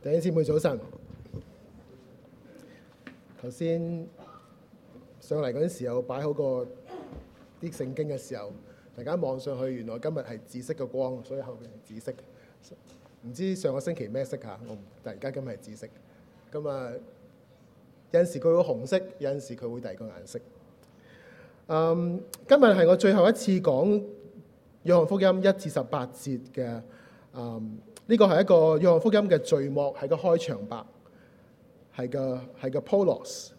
弟兄姊妹早晨，頭先上嚟嗰陣時又擺好個啲聖經嘅時候，突然間望上去，原來今日係紫色嘅光，所以後邊係紫色。唔知上個星期咩色嚇，我唔，突然間今日係紫色。咁啊，有陣時佢會紅色，有陣時佢會第二個顏色。嗯，今日係我最後一次講《約翰福音》一至十八節嘅，嗯。呢個係一個《約翰福音》嘅序幕，係個開場白，係個係個 polos。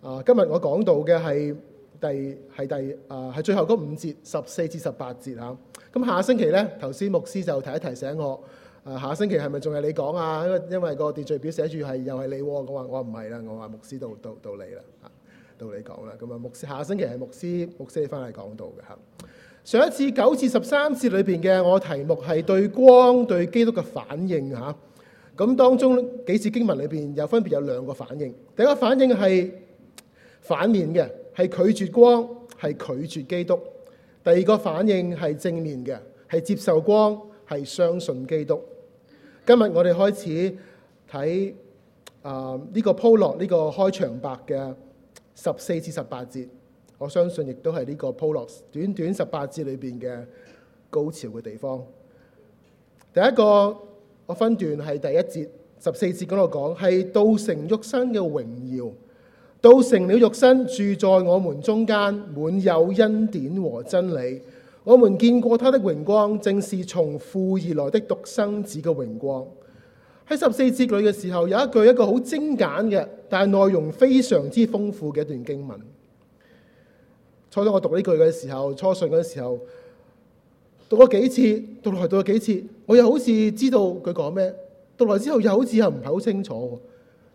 啊，今日我講到嘅係第係第啊，係最後嗰五節，十四至十八節嚇。咁、啊、下星期咧，頭先牧師就提一提醒我，啊，下星期係咪仲係你講啊？因為因為個秩序表寫住係又係你、啊，我話我唔係啦，我話牧師到到到你啦，嚇、啊、到你講啦。咁啊，牧師下星期係牧師牧師翻嚟講道嘅嚇。啊上一次九至十三節裏邊嘅我的題目係對光對基督嘅反應嚇，咁當中幾次經文裏邊有分別有兩個反應。第一個反應係反面嘅，係拒絕光，係拒絕基督；第二個反應係正面嘅，係接受光，係相信基督。今日我哋開始睇啊呢個鋪落呢個開場白嘅十四至十八節。我相信亦都係呢個鋪 s 短短十八節裏邊嘅高潮嘅地方。第一個我分段係第一節十四節嗰度講，係道成肉身嘅榮耀。道成了肉身，住在我們中間，滿有恩典和真理。我們見過他的榮光，正是從父而來的獨生子嘅榮光。喺十四節裏嘅時候，有一句一個好精簡嘅，但係內容非常之豐富嘅一段經文。初初我讀呢句嘅時候，初信嗰陣時候讀咗幾次，讀來讀咗幾次，我又好似知道佢講咩。讀來之後又好似又唔係好清楚。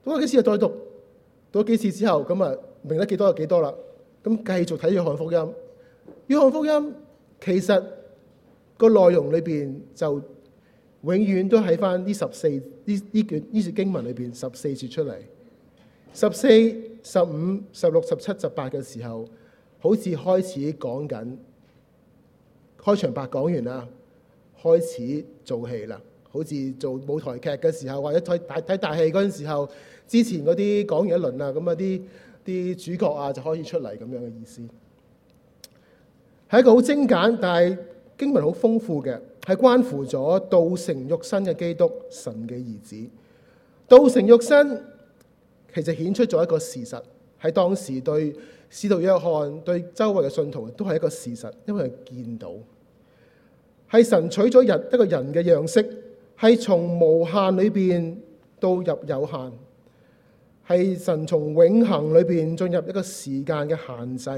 讀咗幾次就再讀，讀咗幾次之後，咁啊明得幾多就幾多啦。咁繼續睇《約翰福音》，《約翰福音》其實個內容裏邊就永遠都喺翻呢十四呢呢卷呢段經文裏邊，十四節出嚟十四、十五、十六、十七、十八嘅時候。好似開始講緊，開場白講完啦，開始做戲啦。好似做舞台劇嘅時候，或者睇大睇大戲嗰陣時候，之前嗰啲講完一輪啦，咁啊啲啲主角啊就可以出嚟咁樣嘅意思。係一個好精簡，但係經文好豐富嘅，係關乎咗道成肉身嘅基督，神嘅兒子。道成肉身其實顯出咗一個事實，喺當時對。使徒約翰對周圍嘅信徒都係一個事實，因為佢見到係神取咗人一個人嘅樣式，係從無限裏邊到入有限，係神從永恆裏邊進入一個時間嘅限制，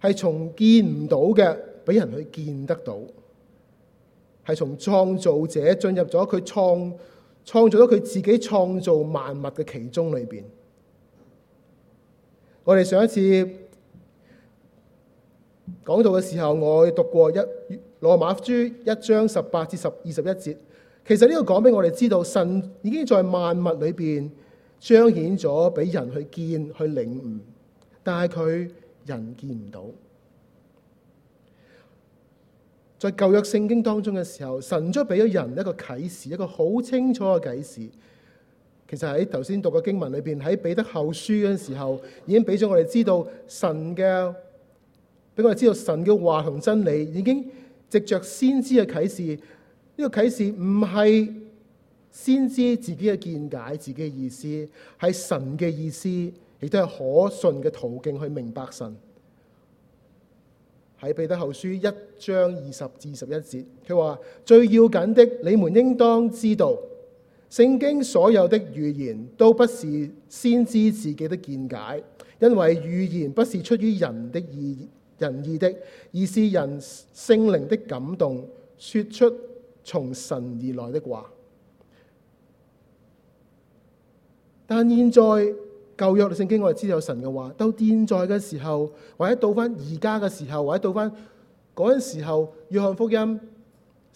係從見唔到嘅俾人去見得到，係從創造者進入咗佢創創造咗佢自己創造萬物嘅其中裏邊。我哋上一次講道嘅時候，我讀過一《羅馬書》一章十八至十二十一節。其實呢個講俾我哋知道，神已經在萬物裏邊彰顯咗俾人去見去領悟，但係佢人見唔到。在舊約聖經當中嘅時候，神都俾咗人一個啟示，一個好清楚嘅啟示。其實喺頭先讀嘅經文裏邊，喺彼得後書嘅時候，已經俾咗我哋知道神嘅，俾我哋知道神嘅話同真理，已經藉着先知嘅啟示，呢、這個啟示唔係先知自己嘅見解、自己嘅意思，係神嘅意思，亦都係可信嘅途徑去明白神。喺彼得後書一章二十至二十一節，佢話最要緊的，你們應當知道。聖經所有的預言都不是先知自己的見解，因為預言不是出於人的意人意的，而是人性靈的感動，說出從神而來的話。但現在，舊約的聖經，我哋知道神嘅話，到現在嘅時候，或者到翻而家嘅時候，或者到翻嗰陣時候，約翰福音。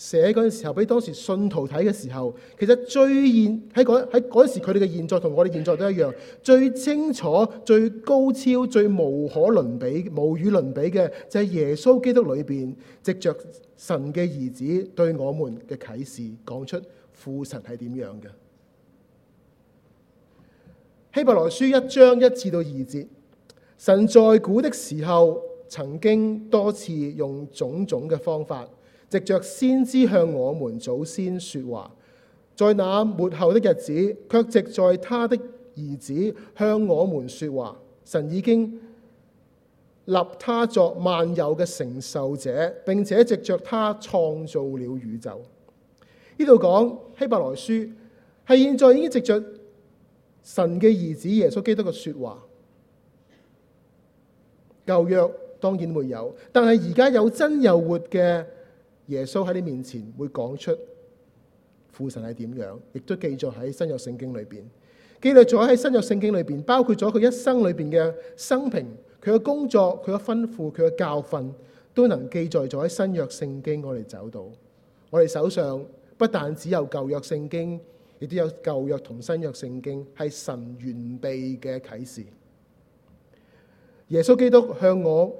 寫嗰陣時候，俾當時信徒睇嘅時候，其實最現喺嗰喺嗰時佢哋嘅現在同我哋現在都一樣，最清楚、最高超、最無可倫比、無與倫比嘅，就係、是、耶穌基督裏邊藉着神嘅兒子對我們嘅啟示，講出父神係點樣嘅。希伯來書一章一至到二節，神在古的時候曾經多次用種種嘅方法。藉着先知向我們祖先說話，在那末後的日子，卻藉在他的兒子向我們說話。神已經立他作萬有嘅承受者，並且藉着他創造了宇宙。呢度講希伯來書係現在已經藉着神嘅兒子耶穌基督嘅說話，舊約當然會有，但係而家有真有活嘅。耶穌喺你面前會講出父神係點樣，亦都記載喺新約聖經裏邊。記載咗喺新約聖經裏邊，包括咗佢一生裏邊嘅生平，佢嘅工作，佢嘅吩咐，佢嘅教訓，都能記載咗喺新約聖經。我哋走到，我哋手上不但只有舊約聖經，亦都有舊約同新約聖經，係神完備嘅啟示。耶穌基督向我。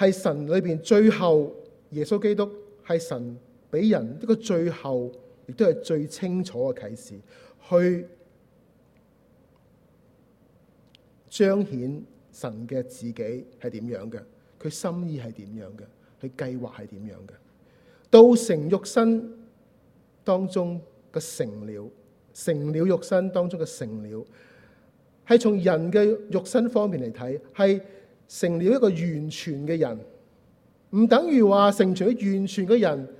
係神裏邊最後耶穌基督係神俾人一個最後亦都係最清楚嘅啟示，去彰顯神嘅自己係點樣嘅，佢心意係點樣嘅，佢計劃係點樣嘅。道成肉身當中嘅成了，成了肉身當中嘅成了，係從人嘅肉身方面嚟睇，係。成了一個完全嘅人，唔等於話成全咗完全嘅人。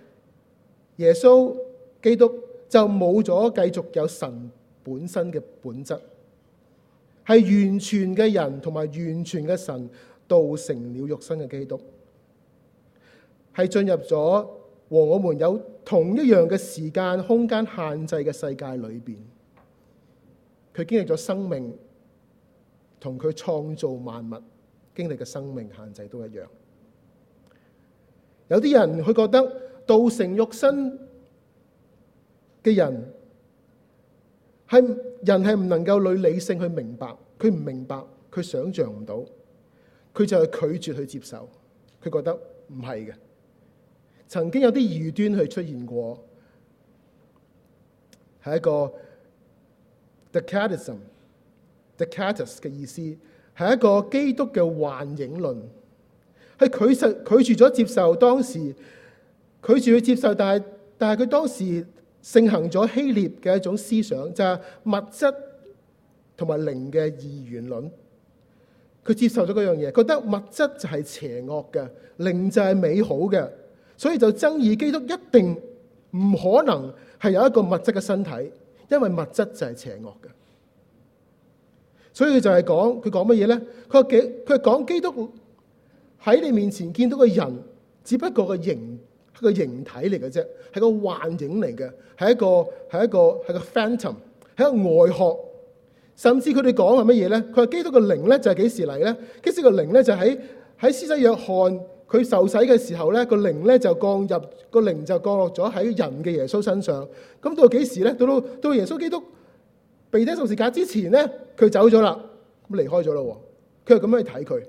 耶穌基督就冇咗繼續有神本身嘅本質，係完全嘅人同埋完全嘅神。道成了肉身嘅基督，係進入咗和我們有同一樣嘅時間空間限制嘅世界裏面。佢經歷咗生命，同佢創造萬物。經歷嘅生命限制都一樣，有啲人佢覺得道成肉身嘅人係人係唔能夠累理，理性去明白，佢唔明白，佢想象唔到，佢就係拒絕去接受，佢覺得唔係嘅。曾經有啲疑端去出現過，係一個 the c a t a s m t h e c a t a s m 意思。係一個基督嘅幻影論，係拒絕拒絕咗接受當時拒絕去接受，但係但係佢當時盛行咗希臘嘅一種思想，就係、是、物質同埋靈嘅二元論。佢接受咗嗰樣嘢，覺得物質就係邪惡嘅，靈就係美好嘅，所以就爭議基督一定唔可能係有一個物質嘅身體，因為物質就係邪惡嘅。所以佢就係講佢講乜嘢咧？佢講佢講基督喺你面前見到個人，只不過個形個形體嚟嘅啫，係個幻影嚟嘅，係一個係一個係個 phantom，係一個外殼。甚至佢哋講係乜嘢咧？佢話基督嘅靈咧就係幾時嚟咧？基督嘅靈咧就喺喺施洗約翰佢受洗嘅時候咧個靈咧就降入個靈就降落咗喺人嘅耶穌身上。咁到幾時咧？到到耶穌基督。被釘十字架之前咧，佢走咗啦，咁離開咗咯。佢係咁樣去睇佢。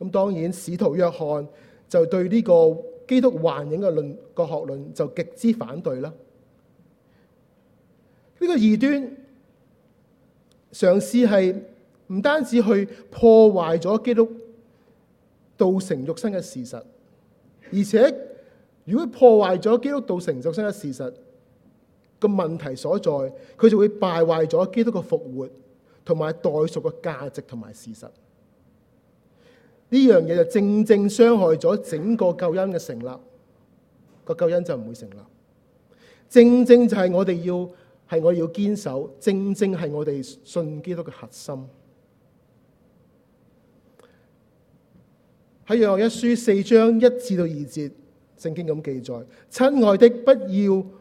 咁當然，使徒約翰就對呢個基督幻影嘅論、個學論就極之反對啦。呢、呢個異端嘗試係唔單止去破壞咗基督道成肉身嘅事實，而且如果破壞咗基督道成肉身嘅事實。問題所在，佢就會敗壞咗基督嘅復活同埋代贖嘅價值同埋事實。呢樣嘢就正正傷害咗整個救恩嘅成立，個救恩就唔會成立。正正就係我哋要係我要堅守，正正係我哋信基督嘅核心。喺約壹書四章一至到二節，聖經咁記載：，親愛的，不要。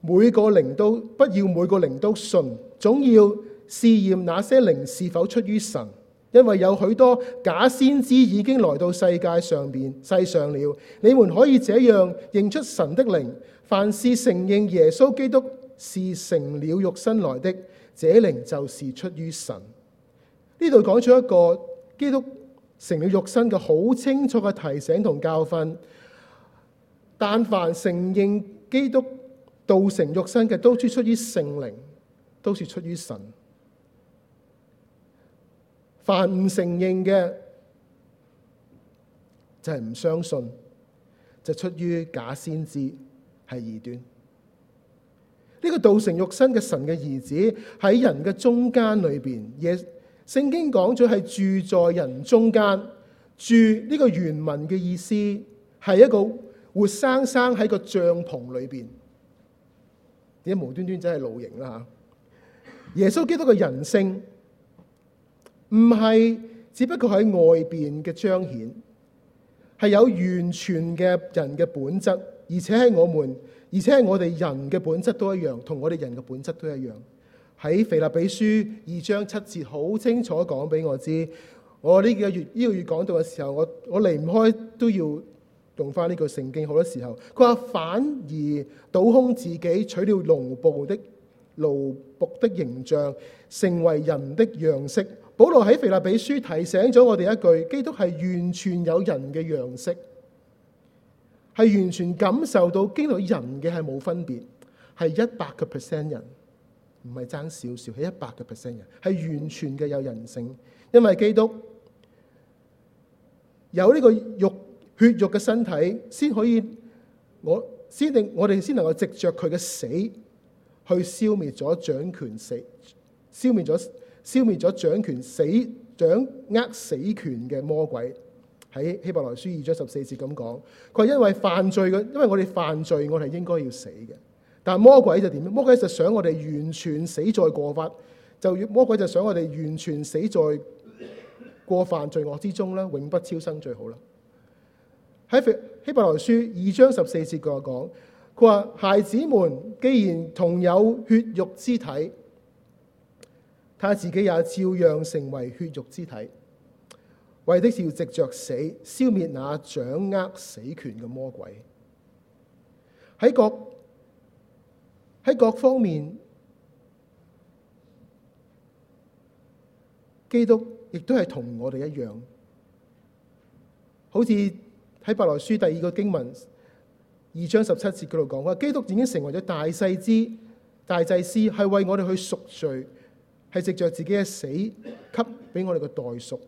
每個靈都不要每個靈都信，總要試驗那些靈是否出於神，因為有許多假先知已經來到世界上面，世上了。你們可以這樣認出神的靈：凡是承認耶穌基督是成了肉身來的，這靈就是出於神。呢度講出一個基督成了肉身嘅好清楚嘅提醒同教訓。但凡承認基督，道成肉身嘅都是出於聖靈，都是出於神。凡唔承認嘅就係、是、唔相信，就出於假先知，係異端。呢、這個道成肉身嘅神嘅兒子喺人嘅中間裏邊，嘢聖經講咗係住在人中間，住呢、這個原文嘅意思係一個活生生喺個帳篷裏邊。而無端端真係露營啦吓！耶穌基督嘅人性唔係只不過喺外邊嘅彰顯，係有完全嘅人嘅本質，而且係我們，而且係我哋人嘅本質都一樣，同我哋人嘅本質都一樣。喺腓立比書二章七節好清楚講俾我知，我呢幾個月呢、這個月講到嘅時候，我我離唔開都要。用翻呢個聖經，好多時候佢話反而倒空自己，取了奴僕的奴僕的形象，成為人的樣式。保羅喺腓立比書提醒咗我哋一句：基督係完全有人嘅樣式，係完全感受到經歷人嘅係冇分別，係一百個 percent 人，唔係爭少少，係一百個 percent 人，係完全嘅有人性，因為基督有呢個欲。血肉嘅身體先可以，我先定我哋先能夠藉著佢嘅死，去消滅咗掌權死，消滅咗消滅咗掌權死、掌握死權嘅魔鬼。喺希伯來書二章十四節咁講，佢因為犯罪嘅，因為我哋犯罪，我哋應該要死嘅。但係魔鬼就點？魔鬼就想我哋完全死在過法過犯，就魔鬼就想我哋完全死在過犯罪惡之中啦，永不超生最好啦。喺希伯來書二章十四節嘅講，佢話：孩子們既然同有血肉之體，他自己也照樣成為血肉之體，為的是要藉着死，消滅那掌握死權嘅魔鬼。喺各喺各方面，基督亦都係同我哋一樣，好似。喺《白來書》第二個經文二章十七節嗰度講，話基督已經成為咗大祭司，大祭司係為我哋去贖罪，係藉着自己嘅死給俾我哋嘅代贖，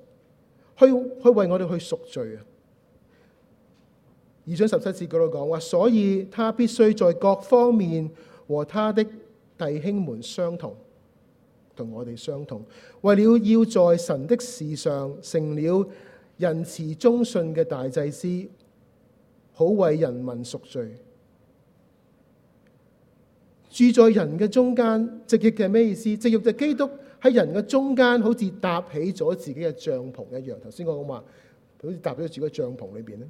去去為我哋去贖罪啊！二章十七節嗰度講話，所以他必須在各方面和他的弟兄們相同，同我哋相同，為了要在神的事上成了，仁慈忠信嘅大祭司，好為人民贖罪，住在人嘅中間。直譯嘅係咩意思？直譯就係基督喺人嘅中間，好似搭起咗自己嘅帳篷一樣。頭先我咁話，好似搭咗自己嘅帳篷裏邊咧。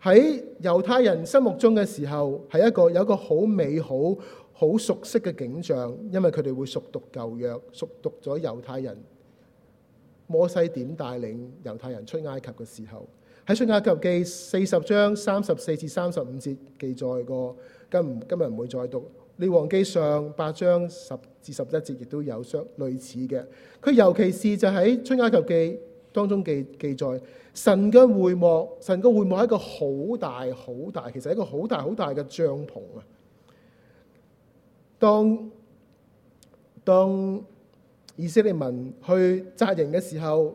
喺猶太人心目中嘅時候，係一個有一個好美好、好熟悉嘅景象，因為佢哋會熟讀舊約，熟讀咗猶太人。摩西點帶領猶太人出埃及嘅時候，喺出埃及記四十章三十四至三十五節記載過，今今日唔會再讀。列王記上八章十至十一節亦都有相類似嘅。佢尤其是就喺出埃及記當中記記載神嘅會幕，神嘅會幕係一個好大好大，其實係一個好大好大嘅帳篷啊！當當。以色列民去紮營嘅時候，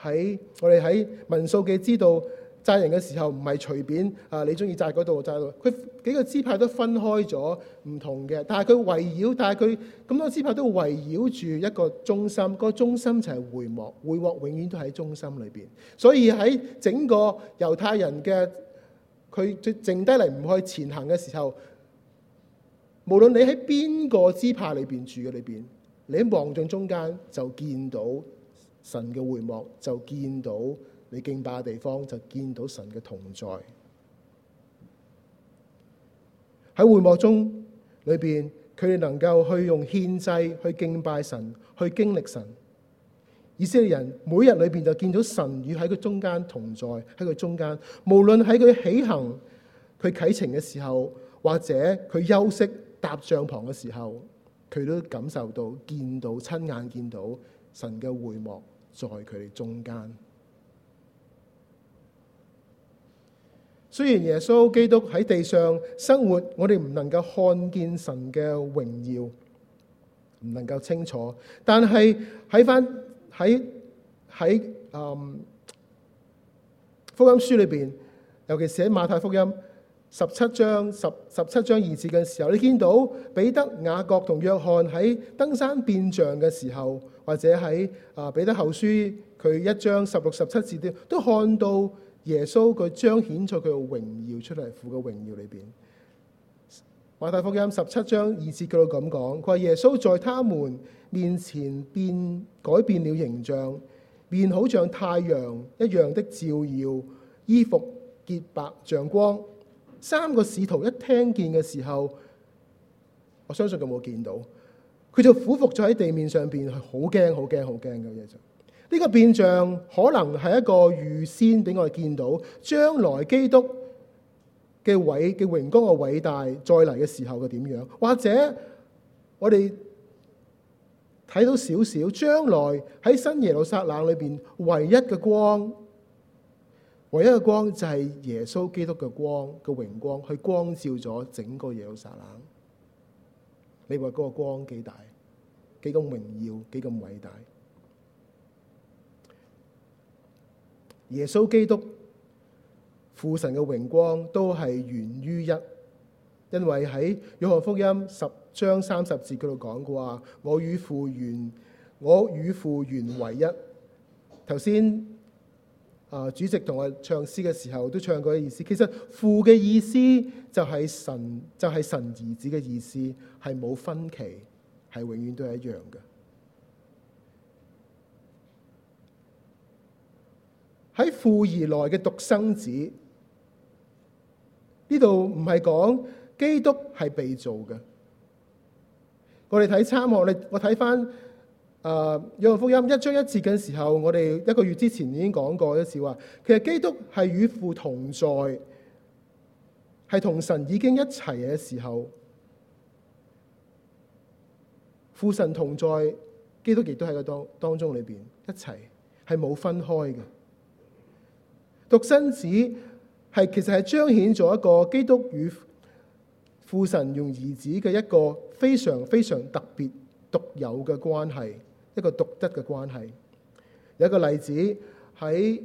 喺我哋喺民數嘅知道紮營嘅時候，唔係隨便啊！你中意紮嗰度就紮嗰度，佢幾個支派都分開咗唔同嘅，但係佢圍繞，但係佢咁多支派都圍繞住一個中心。個中心就係會幕、會幕，會幕永遠都喺中心裏邊。所以喺整個猶太人嘅佢剩低嚟唔去前行嘅時候，無論你喺邊個支派裏邊住嘅裏邊，你喺望盡中間就見到神嘅會幕，就見到你敬拜嘅地方，就見到神嘅同在。喺會幕中裏邊，佢哋能夠去用獻祭去敬拜神，去經歷神。以色列人每日裏邊就見到神與喺佢中間同在，喺佢中間，無論喺佢起行、佢啟程嘅時候，或者佢休息搭帳棚嘅時候。佢都感受到、見到、親眼見到神嘅會幕在佢哋中間。雖然耶穌基督喺地上生活，我哋唔能夠看見神嘅榮耀，唔能夠清楚。但係喺翻喺喺嗯福音書裏邊，尤其是喺馬太福音。十七章十十七章二節嘅時候，你見到彼得、雅各同約翰喺登山變像嘅時候，或者喺啊彼得後書佢一章十六十七字都看到耶穌，佢彰顯咗佢嘅榮耀出嚟，父嘅榮耀裏邊。馬太福音十七章二節佢咁講：佢話耶穌在他們面前變，改變了形象，面好像太陽一樣的照耀，衣服潔白像光。三個使徒一聽見嘅時候，我相信佢冇見到，佢就俯伏咗喺地面上邊，係好驚、好驚、好驚嘅嘢就。呢個變象可能係一個預先俾我哋見到將來基督嘅偉嘅榮光嘅偉大再嚟嘅時候嘅點樣，或者我哋睇到少少將來喺新耶路撒冷裏邊唯一嘅光。唯一嘅光就係耶穌基督嘅光嘅榮光，佢光，光照咗整個耶路撒冷。你話嗰個光幾大？幾咁榮耀？幾咁偉大？耶穌基督父神嘅榮光都係源於一，因為喺約翰福音十章三十節嗰度講過啊，我與父原我與父原為一。頭先。啊！主席同我唱詩嘅時候都唱過嘅意思，其實父嘅意思就係神，就係、是、神兒子嘅意思，係冇分歧，係永遠都係一樣嘅。喺父而來嘅獨生子，呢度唔係講基督係被造嘅。我哋睇參學，我我睇翻。誒《約翰、uh, 福音》一章一節嘅時候，我哋一個月之前已經講過一次話。其實基督係與父同在，係同神已經一齊嘅時候，父神同在，基督亦都喺個當當中裏邊一齊，係冇分開嘅。獨生子係其實係彰顯咗一個基督與父神用兒子嘅一個非常非常特別獨有嘅關係。一個獨特嘅關係，有一個例子喺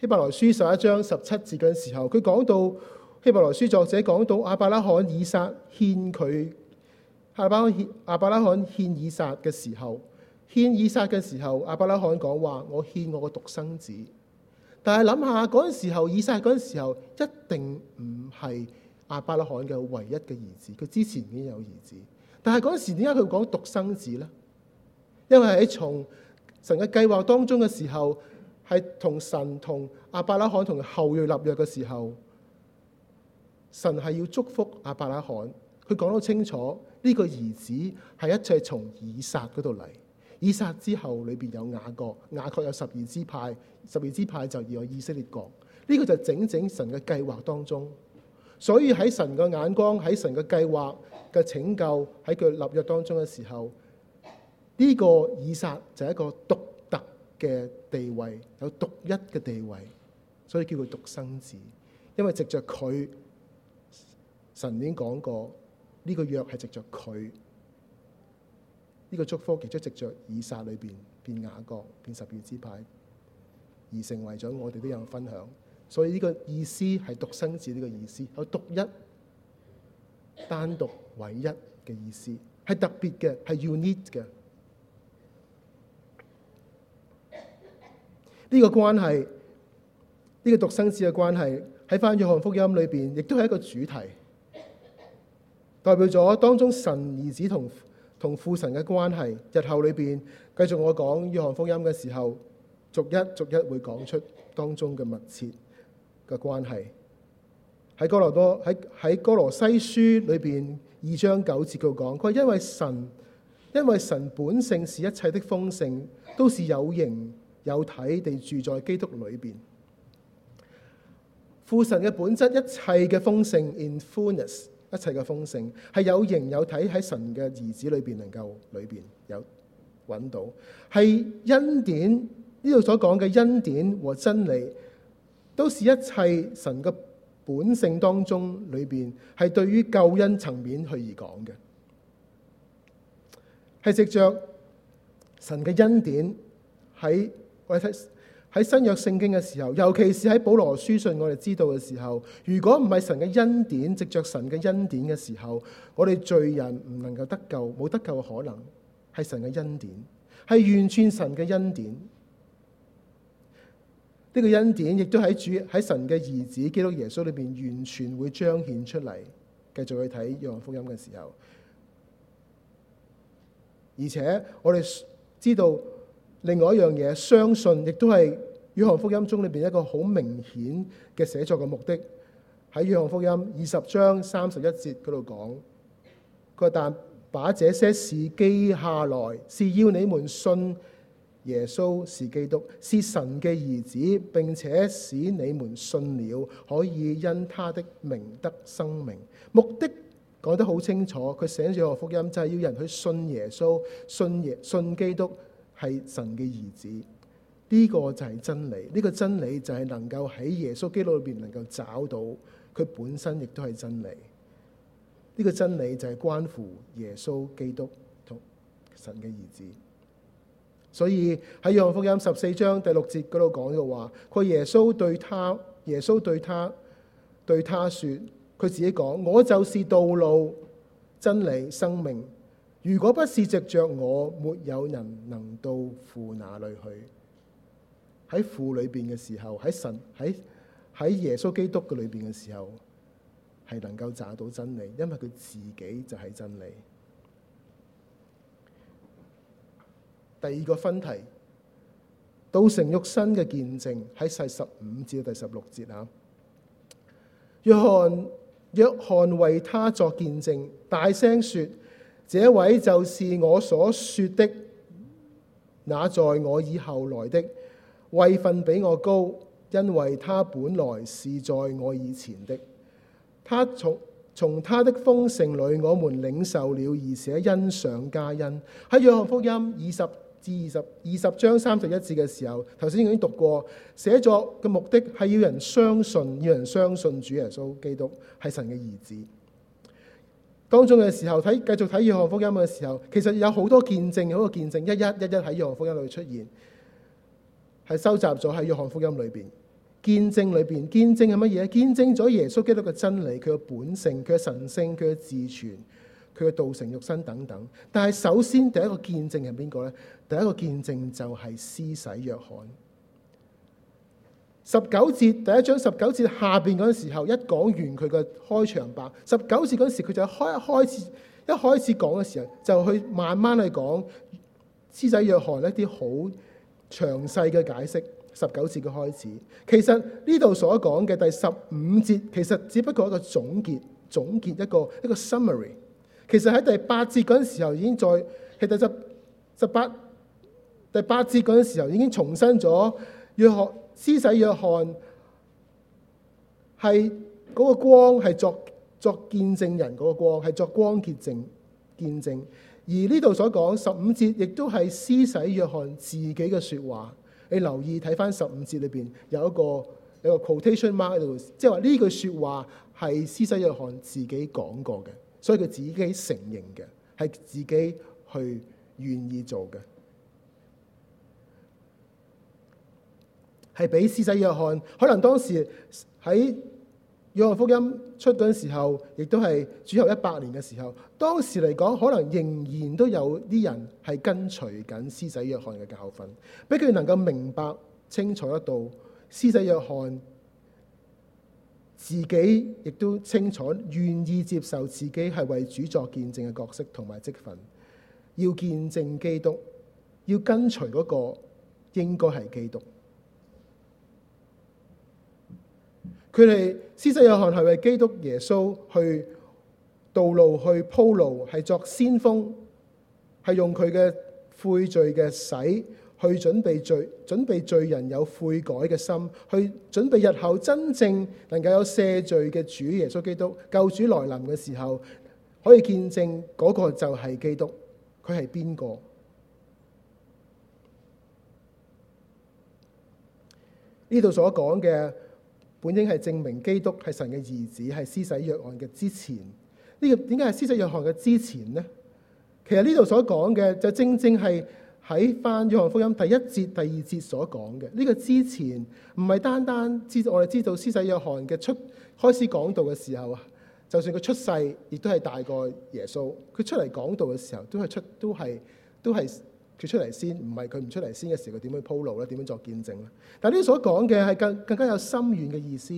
希伯來書十一章十七節嗰陣時候，佢講到希伯來書作者講到亞伯拉罕以撒獻佢，亞伯拉罕獻以撒嘅時候，獻以撒嘅時候，亞伯拉罕講話：我獻我個獨生子。但係諗下嗰陣時候，以撒嗰陣時候一定唔係亞伯拉罕嘅唯一嘅兒子，佢之前已經有兒子。但係嗰陣時點解佢講獨生子呢？因為喺從神嘅計劃當中嘅時候，係同神同亞伯拉罕同後裔立約嘅時候，神係要祝福亞伯拉罕。佢講得清楚，呢個兒子係一切從以撒嗰度嚟。以撒之後裏邊有雅各，雅各有十二支派，十二支派就要有以色列國。呢個就整整神嘅計劃當中。所以喺神嘅眼光，喺神嘅計劃嘅拯救，喺佢立約當中嘅時候。呢個以撒就係一個獨特嘅地位，有獨一嘅地位，所以叫佢獨生子。因為藉着佢，神已經講過呢個約係藉着佢，呢個祝福其實藉着以撒裏邊變雅各、變十二支派，而成為咗我哋都有分享。所以呢個意思係獨生子呢個意思，有獨一、單獨、唯一嘅意思，係特別嘅，係 unique 嘅。呢個關係，呢個獨生子嘅關係，喺翻約翰福音裏邊，亦都係一個主題，代表咗當中神兒子同同父神嘅關係。日後裏邊，繼續我講約翰福音嘅時候，逐一逐一會講出當中嘅密切嘅關係。喺哥羅多喺喺哥羅西書裏邊二章九節佢講，佢話因為神，因為神本性是一切的豐盛，都是有形，有體地住在基督裏邊，父神嘅本質，一切嘅豐盛 （in fullness），一切嘅豐盛係有形有體喺神嘅兒子裏邊能夠裏邊有揾到，係恩典呢度所講嘅恩典和真理，都是一切神嘅本性當中裏邊係對於救恩層面去而講嘅，係藉着神嘅恩典喺。我喺喺新約聖經嘅時候，尤其是喺保羅書信我哋知道嘅時候，如果唔係神嘅恩典，藉着神嘅恩典嘅時候，我哋罪人唔能夠得救，冇得救嘅可能。係神嘅恩典，係完全神嘅恩典。呢個恩典亦都喺主喺神嘅兒子基督耶穌裏邊完全會彰顯出嚟。繼續去睇約翰福音嘅時候，而且我哋知道。另外一樣嘢，相信亦都係《約翰福音》中裏邊一個好明顯嘅寫作嘅目的。喺《約翰福音》二十章三十一節嗰度講，佢話：「但把這些事記下來，是要你們信耶穌是基督，是神嘅兒子，並且使你們信了，可以因他的名得生命。」目的講得好清楚，佢寫《約翰福音》就係、是、要人去信耶穌、信耶、信基督。係神嘅兒子，呢個就係真理。呢個真理就係能夠喺耶穌基督裏邊能夠找到佢本身，亦都係真理。呢個真理就係關乎耶穌基督同神嘅兒子。所以喺約翰福音十四章第六節嗰度講嘅話，佢耶穌對他，耶穌對他，對他說，佢自己講：我就是道路、真理、生命。如果不是藉着我，沒有人能到父那裡去。喺父裏邊嘅時候，喺神喺耶穌基督嘅裏邊嘅時候，係能夠找到真理，因為佢自己就係真理。第二個分題，道成肉身嘅見證喺第十五至到第十六節啊。約翰約翰為他作見證，大聲說。這位就是我所說的，那在我以後來的，位分比我高，因為他本來是在我以前的。他從從他的豐盛裏，我們領受了，而且恩上加恩。喺約翰福音二十至二十二十章三十一節嘅時候，頭先已經讀過。寫作嘅目的係要人相信，要人相信主耶穌基督係神嘅兒子。當中嘅時候睇，繼續睇約翰福音嘅時候，其實有好多見證，有好多見證，一一一一喺約翰福音裏邊出現，係收集咗喺約翰福音裏邊見證裏邊，見證係乜嘢？見證咗耶穌基督嘅真理、佢嘅本性、佢嘅神性、佢嘅自存、佢嘅道成肉身等等。但係首先第一個見證係邊個呢？第一個見證就係施洗約翰。十九節第一章十九節下邊嗰陣時候，一講完佢嘅開場白，十九節嗰時佢就開一開始一開始講嘅時候，就去慢慢去講施洗約翰一啲好詳細嘅解釋。十九節嘅開始，其實呢度所講嘅第十五節，其實只不過一個總結，總結一個一個 summary。其實喺第八節嗰陣時候已經再，其實十十八第八節嗰陣時候已經重申咗約翰。施洗約翰係嗰個光係作作見證人嗰個光係作光潔證見證，而呢度所講十五節亦都係施洗約翰自己嘅説話。你留意睇返十五節裏邊有一個有個 quotation mark 喺度，即係話呢句説話係施洗約翰自己講過嘅，所以佢自己承認嘅係自己去願意做嘅。係俾施洗約翰，可能當時喺《約翰福音》出嗰陣時候，亦都係主後一百年嘅時候。當時嚟講，可能仍然都有啲人係跟隨緊施洗約翰嘅教訓，俾佢能夠明白清楚得到施洗約翰自己亦都清楚願意接受自己係為主作見證嘅角色同埋職分，要見證基督，要跟隨嗰個應該係基督。佢哋施洗約翰係為基督耶穌去道路去鋪路，係作先鋒，係用佢嘅悔罪嘅洗去準備罪準備罪人有悔改嘅心，去準備日後真正能夠有赦罪嘅主耶穌基督救主來臨嘅時候，可以見證嗰個就係基督，佢係邊個？呢度所講嘅。本應係證明基督係神嘅兒子，係施洗約翰嘅之前。呢個點解係施洗約翰嘅之前呢？其實呢度所講嘅就正正係喺翻《約翰福音》第一節、第二節所講嘅呢個之前，唔係單單知我哋知道施洗約翰嘅出開始講道嘅時候啊，就算佢出世亦都係大過耶穌，佢出嚟講道嘅時候都係出都係都係。佢出嚟先，唔係佢唔出嚟先嘅時候，佢點去鋪路咧？點樣作見證咧？但係呢啲所講嘅係更更加有深遠嘅意思，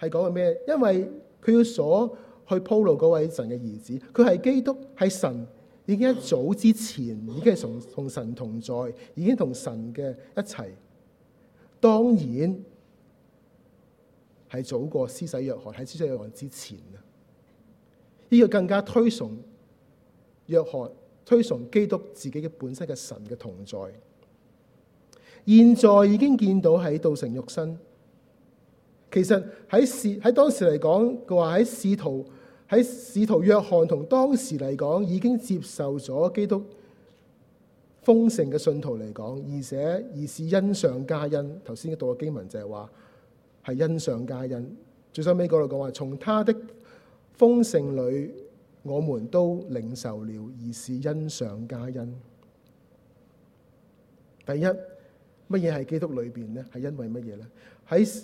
係講緊咩？因為佢要所去鋪路嗰位神嘅兒子，佢係基督，係神已經一早之前已經係同同神同在，已經同神嘅一齊，當然係早過施洗約翰，喺施洗約翰之前啊！呢、這個更加推崇約翰。推崇基督自己嘅本身嘅神嘅同在，現在已經見到喺道成肉身。其實喺史喺當時嚟講嘅話，喺使徒喺使徒約翰同當時嚟講，已經接受咗基督豐盛嘅信徒嚟講，而且而是恩上加恩。頭先讀嘅經文就係話係恩上加恩。最收尾嗰度講話，從他的豐盛裏。我們都領受了，而是恩上加恩。第一，乜嘢係基督裏邊呢？係因為乜嘢呢？喺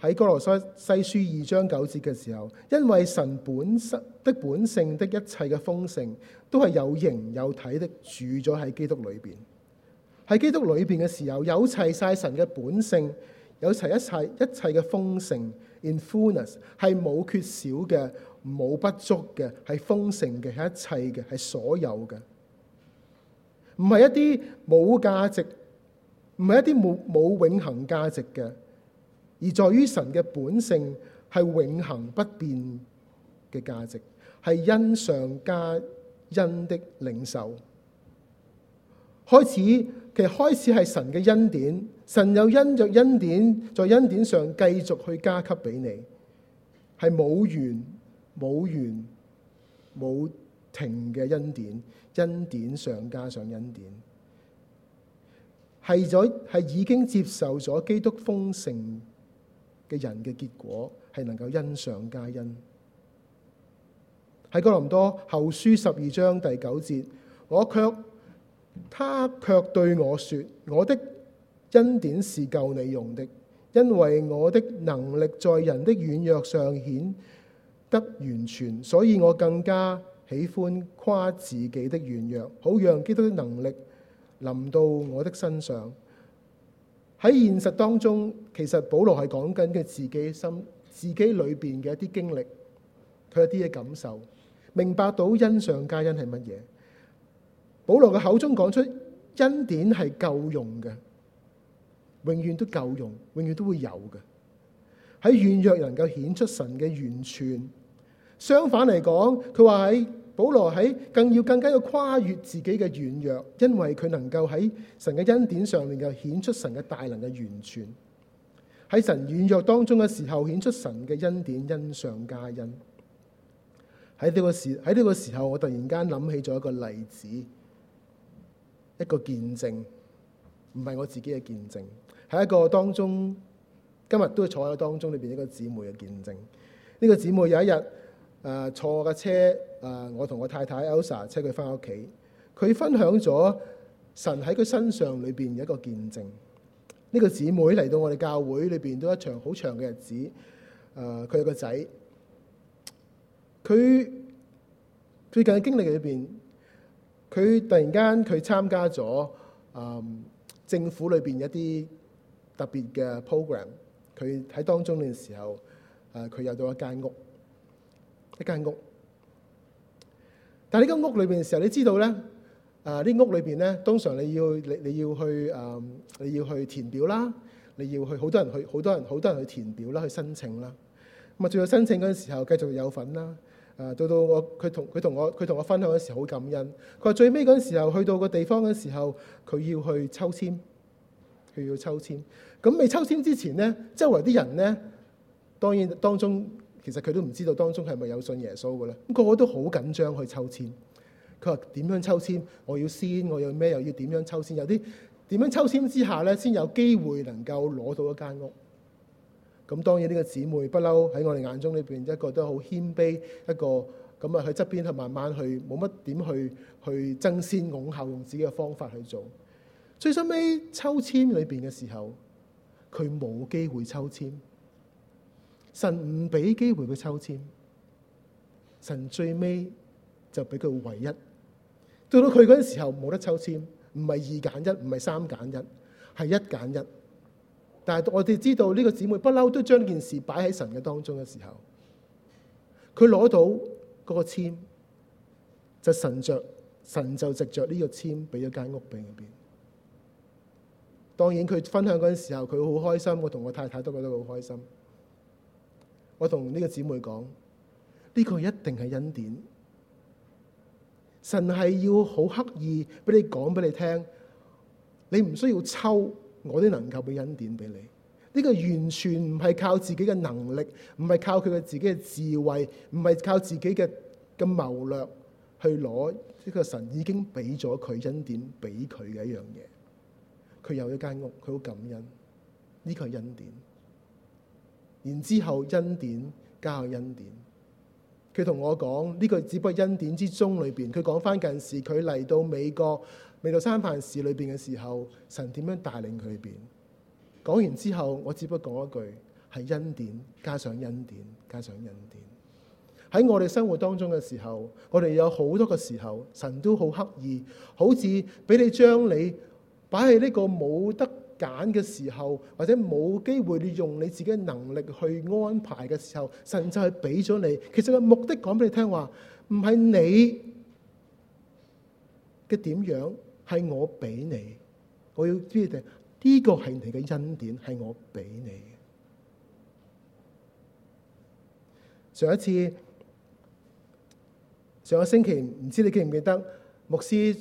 喺歌羅西書二章九節嘅時候，因為神本身的本性的一切嘅豐盛，都係有形有體的住咗喺基督裏邊。喺基督裏邊嘅時候，有齊晒神嘅本性，有齊一切一切嘅豐盛，in fullness 係冇缺少嘅。冇不足嘅，係豐盛嘅，係一切嘅，係所有嘅，唔係一啲冇價值，唔係一啲冇冇永恒價值嘅，而在於神嘅本性係永恒不變嘅價值，係恩上加恩的領受。開始其實開始係神嘅恩典，神有恩就恩典，在恩典上繼續去加給俾你，係冇完。冇完冇停嘅恩典，恩典上加上恩典，係咗係已經接受咗基督豐盛嘅人嘅結果，係能夠恩上加恩。喺哥林多後書十二章第九節，我卻，他卻對我說：我的恩典是夠你用的，因為我的能力在人的軟弱上顯得完全，所以我更加喜歡誇自己的軟弱，好讓基督的能力臨到我的身上。喺現實當中，其實保羅係講緊嘅自己心、自己裏邊嘅一啲經歷，佢一啲嘅感受，明白到恩上加恩係乜嘢。保羅嘅口中講出恩典係夠用嘅，永遠都夠用，永遠都會有嘅。喺軟弱能夠顯出神嘅完全。相反嚟講，佢話喺保羅喺更要更加要跨越自己嘅軟弱，因為佢能夠喺神嘅恩典上面又顯出神嘅大能嘅完全，喺神軟弱當中嘅時候顯出神嘅恩典，恩上加恩。喺呢個時喺呢個時候，我突然間諗起咗一個例子，一個見證，唔係我自己嘅見證，係一個當中今日都係坐喺當中裏邊一個姊妹嘅見證。呢個姊妹有一日。誒坐我架車，誒我同我太太 Elsa 車佢翻屋企，佢分享咗神喺佢身上裏邊嘅一個見證。呢、這個姊妹嚟到我哋教會裏邊都一場好長嘅日子。誒佢有個仔，佢最近嘅經歷裏邊，佢突然間佢參加咗誒、嗯、政府裏邊一啲特別嘅 program，佢喺當中嘅時候誒佢有到一間屋。一間屋，但係呢間屋裏邊嘅時候，你知道咧？誒、啊，呢屋裏邊咧，通常你要你你要去誒、嗯，你要去填表啦，你要去好多人去，好多人好多人去填表啦，去申請啦。咁啊，最後申請嗰陣時候，繼續有份啦。誒、啊，到到我佢同佢同我佢同我分享嗰時，好感恩。佢話最尾嗰陣時候，去到個地方嘅時候，佢要去抽籤，佢要抽籤。咁未抽籤之前咧，周圍啲人咧，當然當中。其實佢都唔知道當中係咪有信耶穌嘅咧，咁個個都好緊張去抽籤。佢話點樣抽籤？我要先，我要咩？又要點樣抽籤？有啲點樣抽籤之下咧，先有機會能夠攞到一間屋。咁當然呢個姊妹不嬲喺我哋眼中裏邊，即係覺得好謙卑一個咁啊，喺側邊去慢慢去冇乜點去去爭先恐後，用自己嘅方法去做。最收尾抽籤裏邊嘅時候，佢冇機會抽籤。神唔俾機會佢抽籤，神最尾就俾佢唯一。到到佢嗰陣時候冇得抽籤，唔係二揀一，唔係三揀一，係一揀一。但係我哋知道呢個姊妹不嬲都將件事擺喺神嘅當中嘅時候，佢攞到嗰個籤，就神着，神就藉着呢個籤俾咗間屋俾佢。當然佢分享嗰陣時候，佢好開心，我同我太太都覺得好開心。我同呢個姊妹講，呢個一定係恩典。神係要好刻意俾你講俾你聽，你唔需要抽，我都能夠俾恩典俾你。呢個完全唔係靠自己嘅能力，唔係靠佢嘅自己嘅智慧，唔係靠自己嘅嘅謀略去攞。呢個神已經俾咗佢恩典俾佢嘅一樣嘢。佢有一間屋，佢好感恩。呢個係恩典。然之後恩典加上恩典，佢同我講呢個只不過恩典之中裏邊，佢講返件事，佢嚟到美國未到三藩市裏邊嘅時候，神點樣帶領佢？邊講完之後，我只不過講一句係恩典加上恩典加上恩典。喺我哋生活當中嘅時候，我哋有好多嘅時候，神都好刻意，好似俾你將你擺喺呢個冇得。揀嘅時候，或者冇機會，你用你自己嘅能力去安排嘅時候，神就係俾咗你。其實個目的講俾你聽話，唔係你嘅點樣，係我俾你。我要知、這個、你嘅呢個係你嘅恩典，係我俾你嘅。上一次，上個星期，唔知你記唔記得，牧師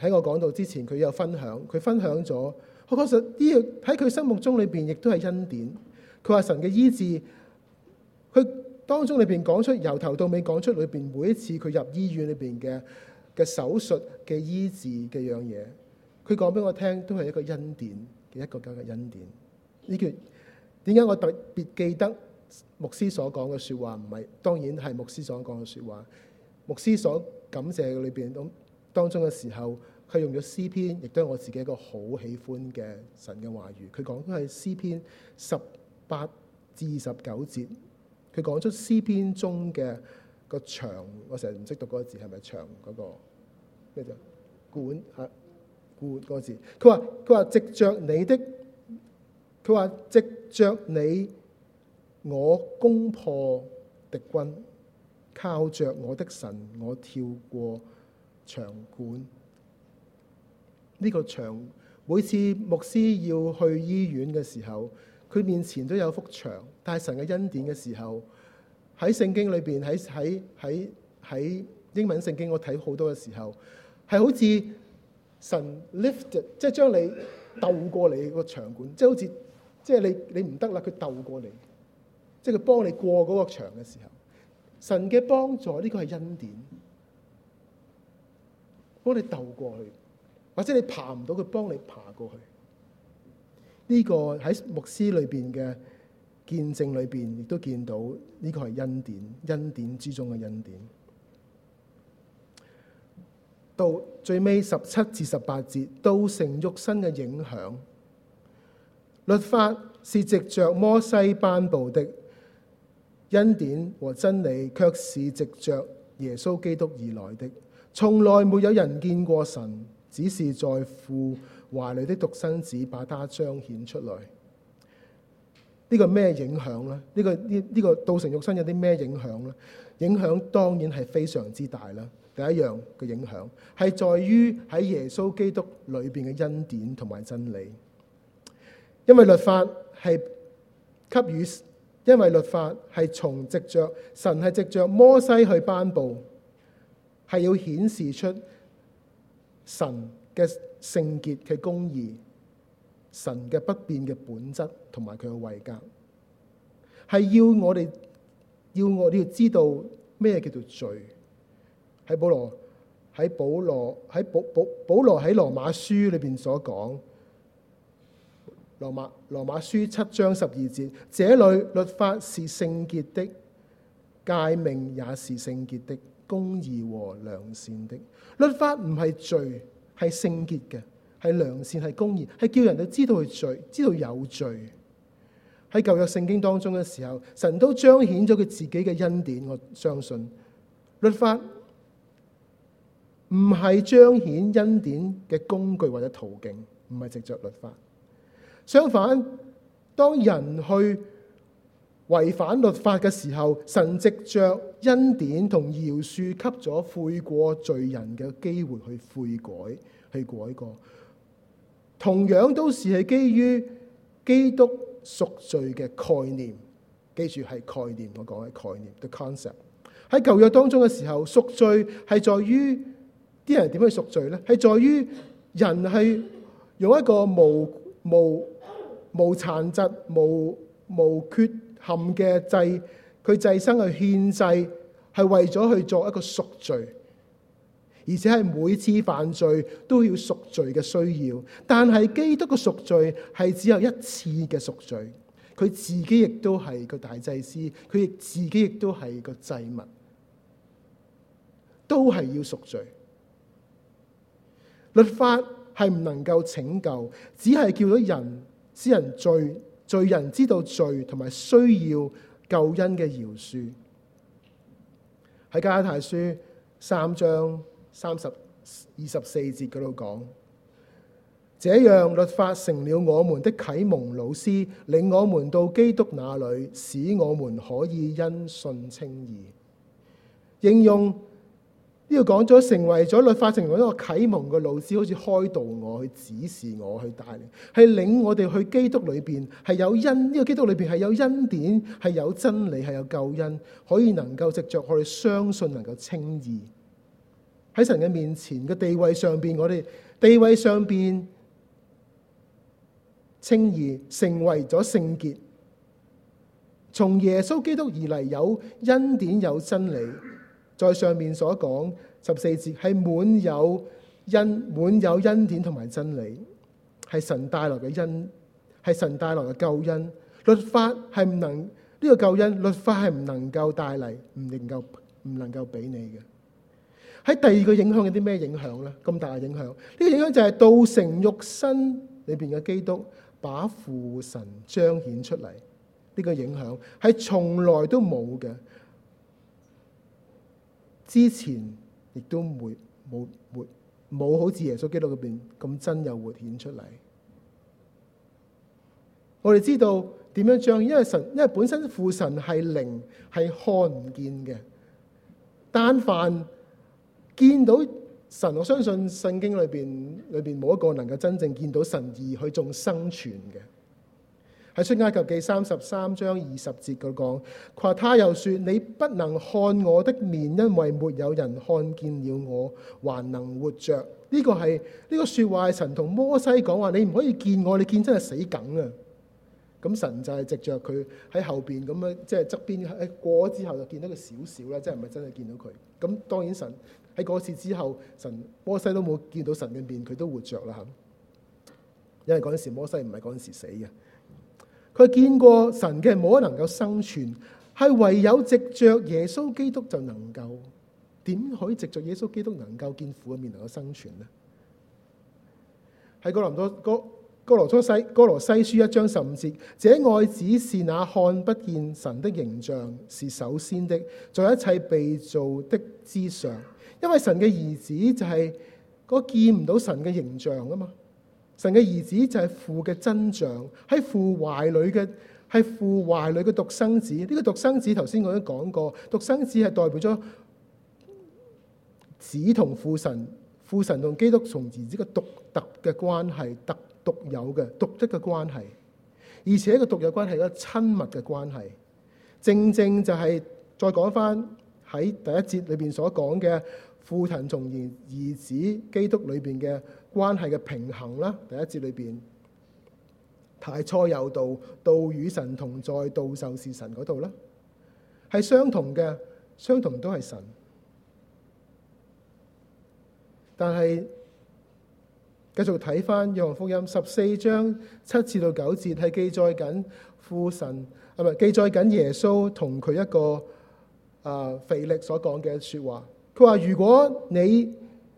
喺我講道之前，佢有分享，佢分享咗。佢確實呢個喺佢心目中裏邊亦都係恩典。佢話神嘅醫治，佢當中裏邊講出由頭到尾講出裏邊每一次佢入醫院裏邊嘅嘅手術嘅醫治嘅樣嘢，佢講俾我聽都係一個恩典嘅一個咁嘅恩典。呢句點解我特別記得牧師所講嘅説話？唔係，當然係牧師所講嘅説話，牧師所感謝裏邊咁當中嘅時候。佢用咗詩篇，亦都係我自己一個好喜歡嘅神嘅話語。佢講都係詩篇十八至二十九節，佢講出詩篇中嘅個長，我成日唔識讀嗰個字，係咪長嗰、那個咩字？管啊管嗰、那個字。佢話佢話藉着你的，佢話藉着你，我攻破敵軍，靠着我的神，我跳過長管。呢個牆，每次牧師要去醫院嘅時候，佢面前都有幅牆。但係神嘅恩典嘅時候，喺聖經裏邊，喺喺喺喺英文聖經，我睇好多嘅時候，係好似神 lifted 即係將你竇過你個牆管，即係好似即係你你唔得啦，佢竇過你，即係佢幫你過嗰個牆嘅時候，神嘅幫助呢個係恩典，幫你竇過去。或者你爬唔到，佢幫你爬過去。呢、這個喺牧師裏邊嘅見證裏邊，亦都見到呢、這個係恩典，恩典之中嘅恩典。到最尾十七至十八節，道成肉身嘅影響。律法是藉著摩西頒布的，恩典和真理卻是藉著耶穌基督而來的。從來沒有人見過神。只是在乎懷裏的獨生子，把它彰顯出來這。呢、這個咩影響咧？呢、這個呢呢、這個道成肉身有啲咩影響呢？影響當然係非常之大啦。第一樣嘅影響係在於喺耶穌基督裏邊嘅恩典同埋真理，因為律法係給予，因為律法係從藉着，神係藉着摩西去頒布，係要顯示出。神嘅聖潔嘅公義，神嘅不變嘅本質同埋佢嘅位格，係要我哋要我哋要知道咩叫做罪。喺保羅喺保羅喺保保保羅喺羅馬書裏邊所講，羅馬羅馬書七章十二節，這裏律法是聖潔的，誡命也是聖潔的。公義和良善的律法唔係罪，係聖潔嘅，係良善，係公義，係叫人哋知道佢罪，知道有罪。喺舊約聖經當中嘅時候，神都彰顯咗佢自己嘅恩典。我相信律法唔係彰顯恩典嘅工具或者途徑，唔係藉著律法。相反，當人去。違反律法嘅時候，神藉著恩典同饒恕，給咗悔過罪人嘅機會去悔改去改過。同樣都是係基於基督贖罪嘅概念，記住係概念，我講嘅概念嘅 concept 喺舊約當中嘅時候，贖罪係在於啲人點樣贖罪呢？係在於人係用一個無無無殘疾、無無缺。含嘅祭，佢祭牲去獻祭，係為咗去做一個贖罪，而且係每次犯罪都要贖罪嘅需要。但係基督嘅贖罪係只有一次嘅贖罪，佢自己亦都係個大祭司，佢亦自己亦都係個祭物，都係要贖罪。律法係唔能夠拯救，只係叫咗人，使人罪。罪人知道罪同埋需要救恩嘅饒恕，喺加拉太書三章三十二十四節嗰度講，這樣律法成了我們的啟蒙老師，領我們到基督那裡，使我們可以因信稱義。應用。呢個講咗，成為咗律法成為一個啟蒙嘅老師，好似開導我，去指示我，去帶領，係領我哋去基督裏邊，係有恩，呢、這個基督裏邊係有恩典，係有真理，係有救恩，可以能夠藉著我哋相信，能夠稱義喺神嘅面前嘅地位上邊，我哋地位上邊稱義成為咗聖潔，從耶穌基督而嚟有恩典，有真理。再上面所講十四節係滿有恩，滿有恩典同埋真理，係神帶來嘅恩，係神帶來嘅救恩。律法係唔能呢個救恩，律法係唔能夠帶嚟，唔能夠唔能夠俾你嘅。喺第二個影響，有啲咩影響呢？咁大嘅影響，呢個影響就係道成肉身裏邊嘅基督，把父神彰顯出嚟。呢個影響係從來都冇嘅。之前亦都沒冇活冇好似耶穌基督嗰邊咁真有活顯出嚟，我哋知道點樣將，因為神因為本身父神係靈，係看唔見嘅，但凡見到神，我相信聖經裏邊裏邊冇一個能夠真正見到神而去仲生存嘅。喺出埃及記三十三章二十節佢講，佢話他又說：你不能看我的面，因為沒有人看見了我還能活着。呢、這個係呢、這個說話係神同摩西講話，你唔可以見我，你見真係死梗啊！咁、嗯、神就係藉着佢喺後邊咁樣即係側邊喺過咗之後就見到佢少少啦，即係唔係真係見到佢。咁、嗯、當然神喺嗰次之後，神摩西都冇見到神嘅面，佢都活着啦吓、嗯。因為嗰陣時摩西唔係嗰陣時死嘅。佢見過神嘅冇可能夠生存，係唯有藉着耶穌基督就能夠。點可以藉著耶穌基督能夠見苦嘅面能夠生存呢？喺哥林多哥哥羅多西哥羅西書一章十五節，這愛子是那看不見神的形象，是首先的，在一切被造的之上，因為神嘅兒子就係、是、嗰見唔到神嘅形象啊嘛。神嘅兒子就係父嘅真像，喺父懷裏嘅係父懷裏嘅獨生子。呢、這個獨生子頭先我都講過，獨生子係代表咗子同父神、父神同基督從兒子嘅獨特嘅關係，特獨有嘅獨特嘅關係。而且個獨有關係咧，一個親密嘅關係，正正就係、是、再講翻喺第一節裏邊所講嘅父神從兒兒子基督裏邊嘅。關係嘅平衡啦，第一節裏邊太初有道，道與神同在，道就是神嗰度啦，係相同嘅，相同都係神。但係繼續睇翻《約翰福音》十四章七至到九節，係記載緊父神，係咪記載緊耶穌同佢一個啊腓力所講嘅說話。佢話：如果你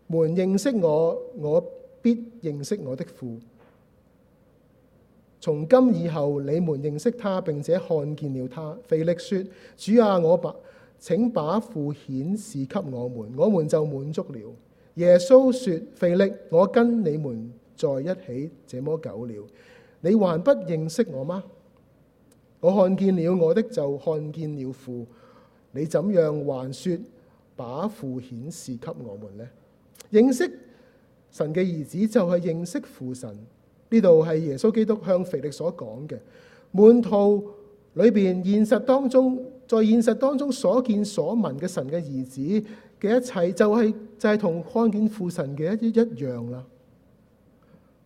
們認識我，我必認識我的父。從今以後，你們認識他並且看見了他。腓力說：主啊我，我把請把父顯示給我們，我們就滿足了。耶穌說：腓力，我跟你們在一起這麼久了，你還不認識我嗎？我看見了我的就看見了父，你怎樣還說把父顯示給我們呢？認識。神嘅兒子就係認識父神。呢度係耶穌基督向腓力所講嘅，滿套裏邊，現實當中在現實當中所見所聞嘅神嘅兒子嘅一切，就是，就係就係同看見父神嘅一一樣啦。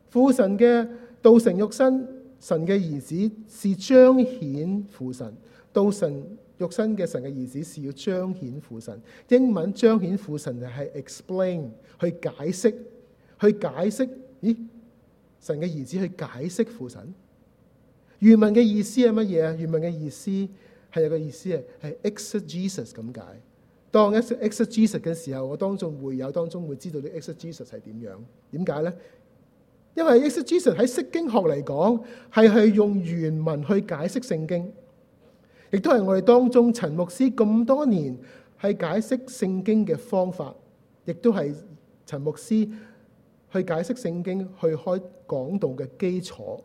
父神嘅道成肉身，神嘅兒子是彰顯父神。道成肉身嘅神嘅兒子是要彰顯父神。英文彰顯父神就係、是、explain 去解釋。去解釋，咦？神嘅兒子去解釋父神原文嘅意思係乜嘢啊？原文嘅意思係有個意思嘅，係 exegesis 咁解。當 exe exegesis 嘅時候，我當中會有當中會知道啲 exegesis 係點樣？點解咧？因為 exegesis 喺釋經學嚟講係去用原文去解釋聖經，亦都係我哋當中陳牧師咁多年係解釋聖經嘅方法，亦都係陳牧師。去解釋聖經，去開講道嘅基礎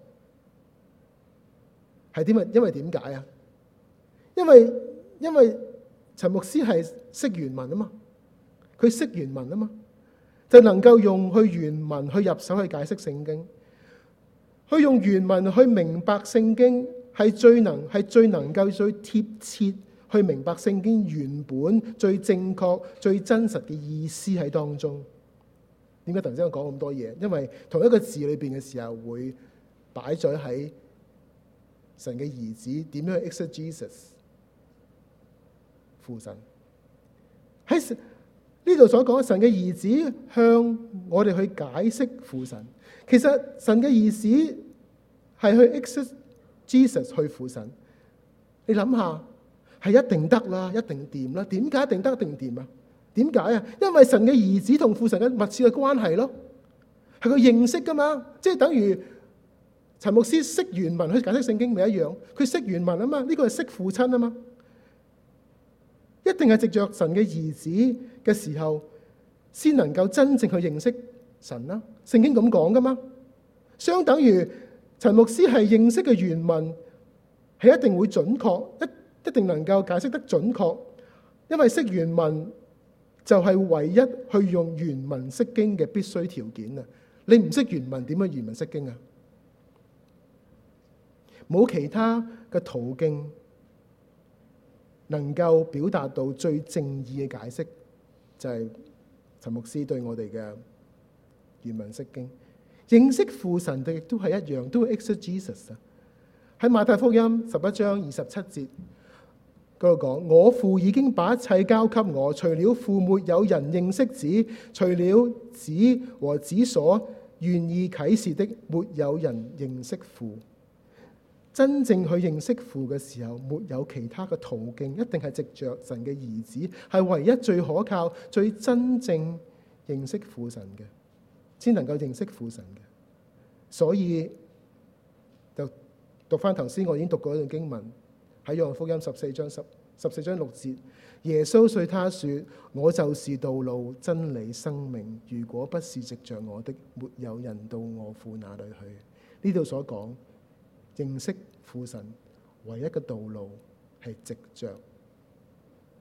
係點啊？因為點解啊？因為因為陳牧師係識原文啊嘛，佢識原文啊嘛，就能夠用去原文去入手去解釋聖經，去用原文去明白聖經係最能係最能夠最貼切去明白聖經原本最正確最真實嘅意思喺當中。點解突然之間講咁多嘢？因為同一個字裏邊嘅時候，會擺咗喺神嘅兒子點樣去 exegesis 父神喺呢度所講，神嘅兒子向我哋去解釋父神。其實神嘅兒子係去 exegesis 去父神。你諗下，係一定得啦，一定掂啦。點解一定得一定掂啊？點解啊？因為神嘅兒子同父神嘅密切嘅關係咯，係佢認識噶嘛？即係等於陳牧師識原文去解釋聖經咪一樣？佢識原文啊嘛？呢個係識父親啊嘛？一定係藉着神嘅兒子嘅時候，先能夠真正去認識神啦、啊。聖經咁講噶嘛？相等於陳牧師係認識嘅原文，係一定會準確，一一定能夠解釋得準確，因為識原文。就係唯一去用原文釋經嘅必須條件啊！你唔識原文點樣原文釋經啊？冇其他嘅途徑能夠表達到最正義嘅解釋，就係、是、陳牧師對我哋嘅原文釋經認識父神，亦都係一樣，都係 exegesis 啊！喺馬太福音十一章二十七節度講，我父已經把一切交給我，除了父沒有人認識子，除了子和子所願意啟示的，沒有人認識父。真正去認識父嘅時候，沒有其他嘅途徑，一定係藉着神嘅兒子，係唯一最可靠、最真正認識父神嘅，先能夠認識父神嘅。所以就讀翻頭先，我已經讀過一段經文。喺《約翰福音》十四章十十四章六節，耶穌對他說：我就是道路、真理、生命。如果不是藉着我的，沒有人到我父那裏去。呢度所講，認識父神唯一嘅道路係藉着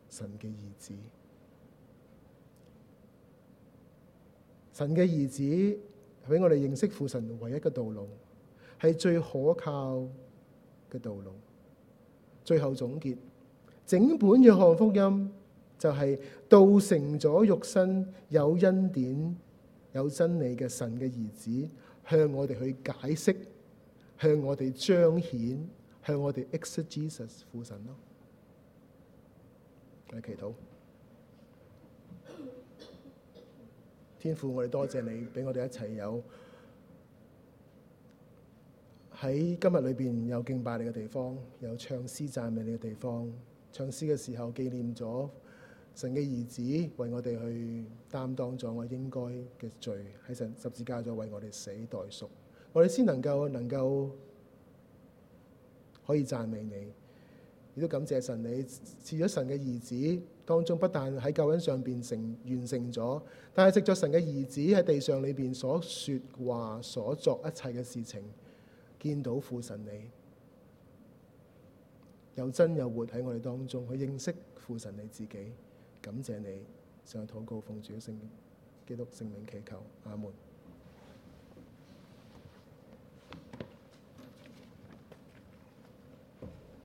神嘅兒子。神嘅兒子係我哋認識父神唯一嘅道路，係最可靠嘅道路。最後總結，整本《約翰福音》就係、是、道成咗肉身，有恩典、有真理嘅神嘅兒子，向我哋去解釋，向我哋彰顯，向我哋 exegesis 父神咯。祈禱，天父，我哋多謝，謝你俾我哋一齊有。喺今日裏邊有敬拜你嘅地方，有唱詩讚美你嘅地方。唱詩嘅時候，紀念咗神嘅兒子為我哋去擔當咗我應該嘅罪，喺神十字架上為我哋死代贖。我哋先能夠能夠可以讚美你。亦都感謝神，你賜咗神嘅兒子當中，不但喺救恩上邊成完成咗，但係藉著神嘅兒子喺地上裏邊所説話、所作一切嘅事情。見到父神你，又真又活喺我哋當中，去認識父神你自己，感謝你，上嚟禱告奉主的聖，基督聖名祈求，阿門。